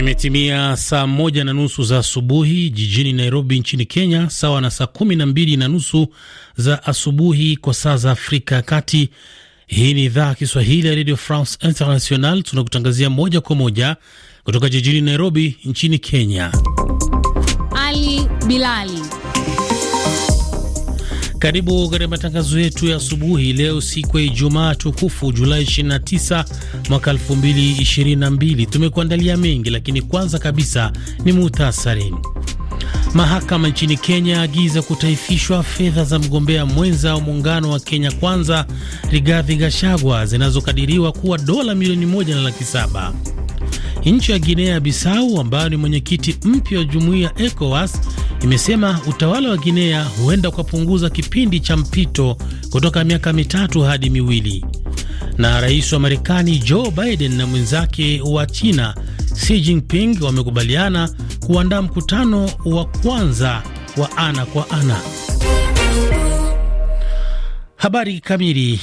Imetimia saa moja na nusu za asubuhi jijini Nairobi nchini Kenya, sawa na saa kumi na mbili na nusu za asubuhi kwa saa za Afrika ya Kati. Hii ni idhaa ya Kiswahili ya Radio France International, tunakutangazia moja kwa moja kutoka jijini Nairobi nchini Kenya. Ali Bilali karibu katika matangazo yetu ya asubuhi leo, siku ya Ijumaa tukufu Julai 29 mwaka 2022. Tumekuandalia mengi, lakini kwanza kabisa ni muhtasari. Mahakama nchini Kenya yaagiza kutaifishwa fedha za mgombea mwenza wa muungano wa Kenya Kwanza Rigathi Gashagwa, zinazokadiriwa kuwa dola milioni moja na laki saba. Nchi ya Guinea Bissau ambayo ni mwenyekiti mpya wa jumuiya ECOWAS imesema utawala wa Guinea huenda ukapunguza kipindi cha mpito kutoka miaka mitatu hadi miwili. Na rais wa Marekani Joe Biden na mwenzake wa China Xi Jinping wamekubaliana kuandaa mkutano wa kwanza wa ana kwa ana. Habari kamili.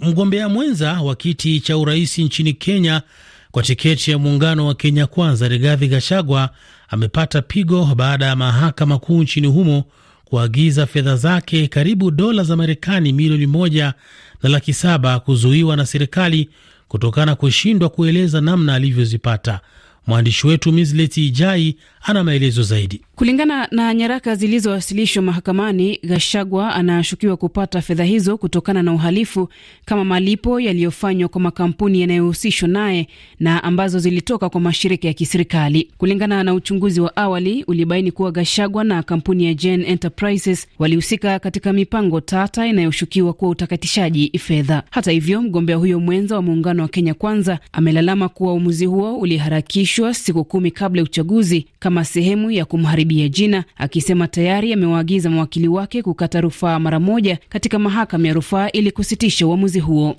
Mgombea mwenza wa kiti cha urais nchini Kenya kwa tiketi ya muungano wa Kenya Kwanza, Rigathi Gachagua amepata pigo baada ya mahakama kuu nchini humo kuagiza fedha zake karibu dola za Marekani milioni moja na laki saba kuzuiwa na serikali kutokana kushindwa kueleza namna alivyozipata. Mwandishi wetu Misleti Ijai ana maelezo zaidi. Kulingana na nyaraka zilizowasilishwa mahakamani, Gashagwa anashukiwa kupata fedha hizo kutokana na uhalifu kama malipo yaliyofanywa kwa makampuni yanayohusishwa naye na ambazo zilitoka kwa mashirika ya kiserikali. Kulingana na uchunguzi wa awali ulibaini kuwa Gashagwa na kampuni ya Gen Enterprises walihusika katika mipango tata inayoshukiwa kuwa utakatishaji fedha. Hata hivyo, mgombea huyo mwenza wa muungano wa Kenya Kwanza amelalama kuwa uamuzi huo uliharakishwa siku kumi kabla ya uchaguzi kama sehemu ya kumharibia Bi Ajina akisema tayari amewaagiza mawakili wake kukata rufaa mara moja katika mahakama ya rufaa ili kusitisha uamuzi huo.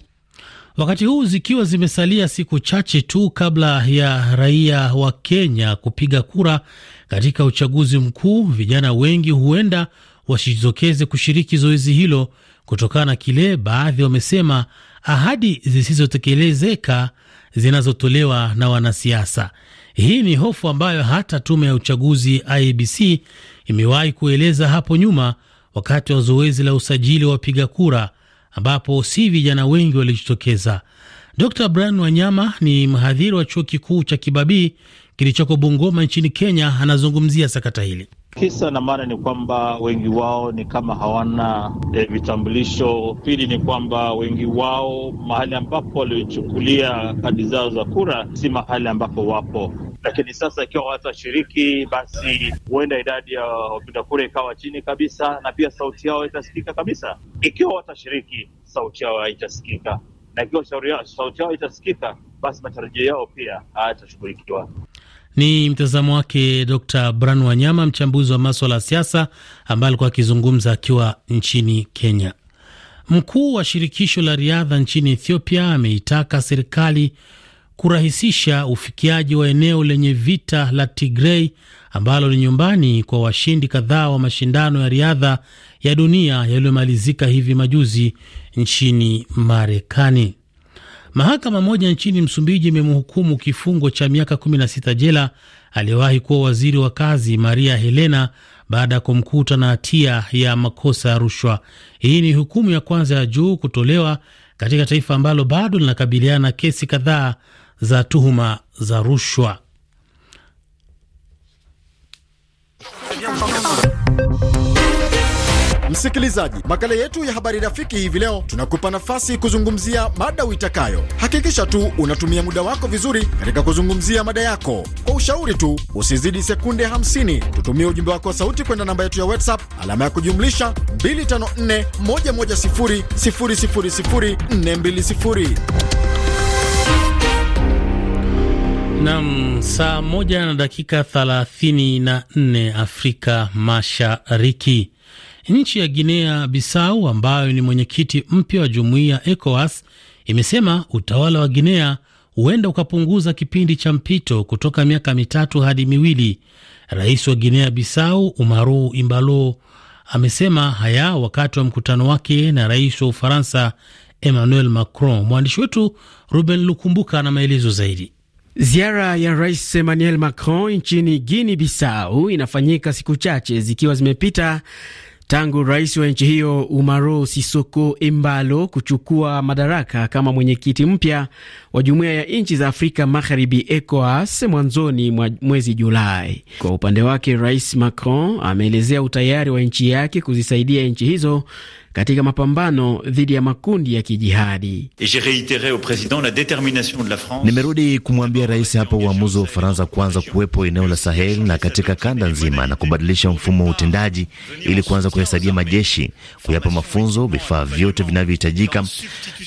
Wakati huu zikiwa zimesalia siku chache tu kabla ya raia wa Kenya kupiga kura katika uchaguzi mkuu, vijana wengi huenda wasijitokeze kushiriki zoezi hilo kutokana na kile baadhi wamesema ahadi zisizotekelezeka zinazotolewa na wanasiasa. Hii ni hofu ambayo hata tume ya uchaguzi IEBC imewahi kueleza hapo nyuma wakati wa zoezi la usajili wa wapiga kura, ambapo si vijana wengi walijitokeza. Dr Brian Wanyama ni mhadhiri wa chuo kikuu cha Kibabii kilichoko Bungoma nchini Kenya. Anazungumzia sakata hili. Kisa na maana ni kwamba wengi wao ni kama hawana e, vitambulisho. Pili ni kwamba wengi wao mahali ambapo waliochukulia kadi zao za kura si mahali ambapo wapo lakini sasa ikiwa watashiriki basi huenda idadi ya wapiga kura ikawa chini kabisa, na pia sauti yao itasikika kabisa. Ikiwa watashiriki, sauti yao haitasikika, na ikiwa sauti yao itasikika, basi matarajio yao pia hayatashughulikiwa. Ni mtazamo wake Dr Bran Wanyama, mchambuzi wa maswala ya siasa, ambaye alikuwa akizungumza akiwa nchini Kenya. Mkuu wa shirikisho la riadha nchini Ethiopia ameitaka serikali kurahisisha ufikiaji wa eneo lenye vita la Tigrei ambalo ni nyumbani kwa washindi kadhaa wa mashindano ya riadha ya dunia yaliyomalizika hivi majuzi nchini Marekani. Mahakama moja nchini Msumbiji imemhukumu kifungo cha miaka 16 jela aliyewahi kuwa waziri wa kazi Maria Helena baada ya kumkuta na hatia ya makosa ya rushwa. Hii ni hukumu ya kwanza ya juu kutolewa katika taifa ambalo bado linakabiliana kesi kadhaa za tuhuma za rushwa. Msikilizaji, makala yetu ya habari rafiki hivi leo tunakupa nafasi kuzungumzia mada uitakayo. Hakikisha tu unatumia muda wako vizuri katika kuzungumzia mada yako. Kwa ushauri tu usizidi sekunde 50. Tutumie ujumbe wako wa sauti kwenda namba yetu ya WhatsApp alama ya kujumlisha 254 Nam, saa moja na dakika thelathini na nne Afrika Mashariki. Nchi ya Guinea Bissau ambayo ni mwenyekiti mpya wa jumuiya ECOWAS imesema utawala wa Guinea huenda ukapunguza kipindi cha mpito kutoka miaka mitatu hadi miwili. Rais wa Guinea Bissau Umaru Imbalo amesema haya wakati wa mkutano wake na rais wa Ufaransa Emmanuel Macron. Mwandishi wetu Ruben Lukumbuka na maelezo zaidi. Ziara ya rais Emmanuel Macron nchini Guinea Bissau inafanyika siku chache zikiwa zimepita tangu rais wa nchi hiyo Umaro Sisoko Embalo kuchukua madaraka kama mwenyekiti mpya wa jumuiya ya nchi za Afrika Magharibi, ECOWAS, mwanzoni mwa mwezi Julai. Kwa upande wake, rais Macron ameelezea utayari wa nchi yake kuzisaidia nchi hizo katika mapambano dhidi ya makundi ya kijihadi. Nimerudi kumwambia rais hapa uamuzi wa Ufaransa kuanza kuwepo eneo la Sahel na katika kanda nzima na kubadilisha mfumo wa utendaji ili kuanza kuyasaidia majeshi, kuyapa mafunzo, vifaa vyote vinavyohitajika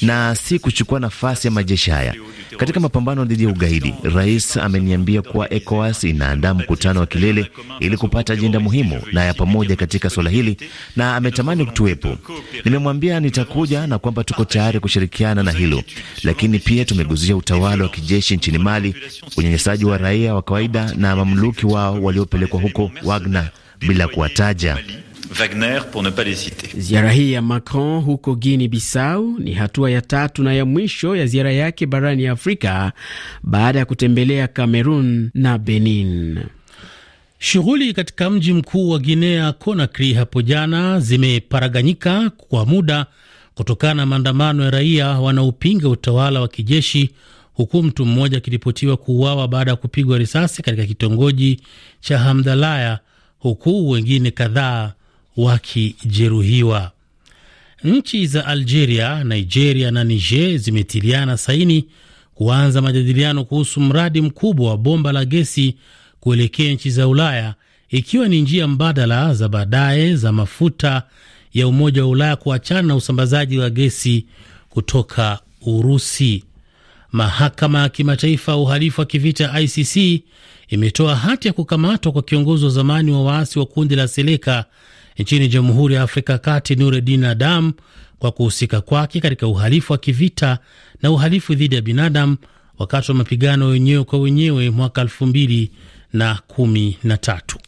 na si kuchukua nafasi ya majeshi haya katika mapambano dhidi ya ugaidi. Rais ameniambia kuwa ECOWAS inaandaa mkutano wa kilele ili kupata ajenda muhimu na ya pamoja katika suala hili na ametamani kutuwepo Nimemwambia nitakuja na kwamba tuko tayari kushirikiana na hilo, lakini pia tumeguzia utawala wa kijeshi nchini Mali, unyanyasaji wa raia wa kawaida na mamluki wao waliopelekwa huko Wagner, bila kuwataja. Ziara hii ya Macron huko Guinea Bissau ni hatua ya tatu na ya mwisho ya ziara yake barani Afrika baada ya kutembelea Cameroon na Benin. Shughuli katika mji mkuu wa Guinea Conakry hapo jana zimeparaganyika kwa muda kutokana na maandamano ya raia wanaopinga utawala wa kijeshi, huku mtu mmoja akiripotiwa kuuawa baada ya kupigwa risasi katika kitongoji cha Hamdalaya, huku wengine kadhaa wakijeruhiwa. Nchi za Algeria, Nigeria na Niger zimetiliana saini kuanza majadiliano kuhusu mradi mkubwa wa bomba la gesi kuelekea nchi za Ulaya ikiwa ni njia mbadala za baadaye za mafuta ya Umoja wa Ulaya kuachana na usambazaji wa gesi kutoka Urusi. Mahakama ya Kimataifa ya Uhalifu wa Kivita ICC imetoa hati ya kukamatwa kwa kiongozi wa zamani wa waasi wa kundi la Seleka nchini Jamhuri ya Afrika Kati, Nuredin Adam kwa kuhusika kwake katika uhalifu wa kivita na uhalifu dhidi ya binadamu wakati wa mapigano wenyewe kwa wenyewe mwaka elfu mbili na kumi na tatu.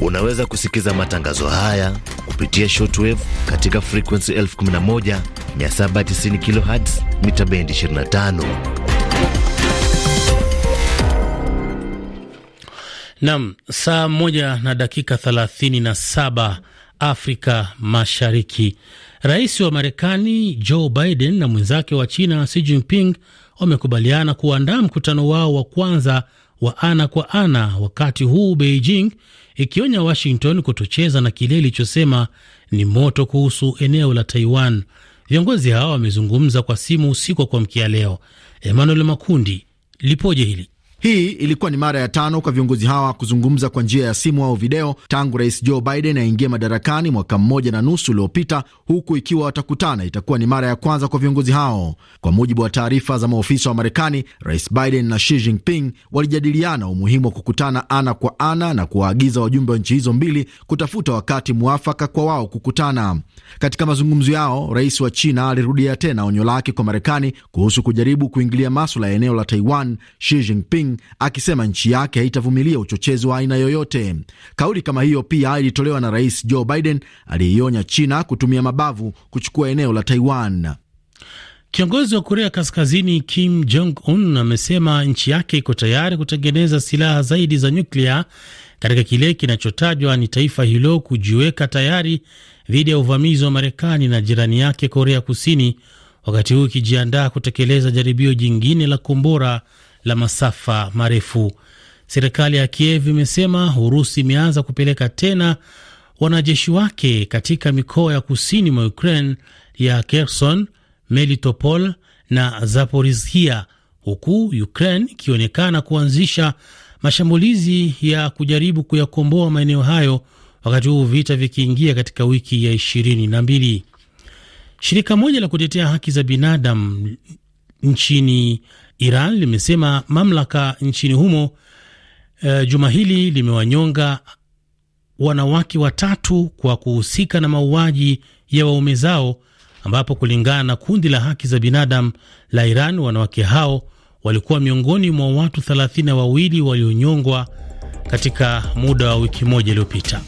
Unaweza kusikiza matangazo haya kupitia shortwave katika frequency 11790 kHz mita bendi 25. Nam, saa moja na dakika thelathini na saba Afrika Mashariki. Rais wa Marekani Joe Biden na mwenzake wa China Xi Jinping wamekubaliana kuandaa mkutano wao wa kwanza wa ana kwa ana, wakati huu Beijing ikionya Washington kutocheza na kile ilichosema ni moto kuhusu eneo la Taiwan. Viongozi hao wamezungumza kwa simu usiku wa kuamkia leo. Emmanuel Makundi lipoje hili? Hii ilikuwa ni mara ya tano kwa viongozi hawa kuzungumza kwa njia ya simu au video tangu Rais Joe Biden aingie madarakani mwaka mmoja na nusu uliopita, huku ikiwa watakutana itakuwa ni mara ya kwanza kwa viongozi hao. Kwa mujibu wa taarifa za maofisa wa Marekani, Rais Biden na Xi Jinping walijadiliana umuhimu wa kukutana ana kwa ana na kuwaagiza wajumbe wa nchi hizo mbili kutafuta wakati mwafaka kwa wao kukutana. Katika mazungumzo yao, rais wa China alirudia tena onyo lake kwa Marekani kuhusu kujaribu kuingilia maswala ya eneo la Taiwan. Xi Jinping akisema nchi yake haitavumilia uchochezi wa aina yoyote. Kauli kama hiyo pia ilitolewa na Rais Joe Biden aliyeionya China kutumia mabavu kuchukua eneo la Taiwan. Kiongozi wa Korea Kaskazini Kim Jong Un amesema nchi yake iko tayari kutengeneza silaha zaidi za nyuklia katika kile kinachotajwa ni taifa hilo kujiweka tayari dhidi ya uvamizi wa Marekani na jirani yake Korea Kusini, wakati huu ikijiandaa kutekeleza jaribio jingine la kombora la masafa marefu. Serikali ya Kiev imesema Urusi imeanza kupeleka tena wanajeshi wake katika mikoa ya kusini mwa Ukraine ya Kherson, Melitopol na Zaporizhia, huku Ukraine ikionekana kuanzisha mashambulizi ya kujaribu kuyakomboa maeneo hayo, wakati huu vita vikiingia katika wiki ya ishirini na mbili. Shirika moja la kutetea haki za binadamu nchini Iran limesema mamlaka nchini humo uh, juma hili limewanyonga wanawake watatu kwa kuhusika na mauaji ya waume zao, ambapo kulingana na kundi la haki za binadamu la Iran, wanawake hao walikuwa miongoni mwa watu thelathini na wawili walionyongwa katika muda wa wiki moja iliyopita.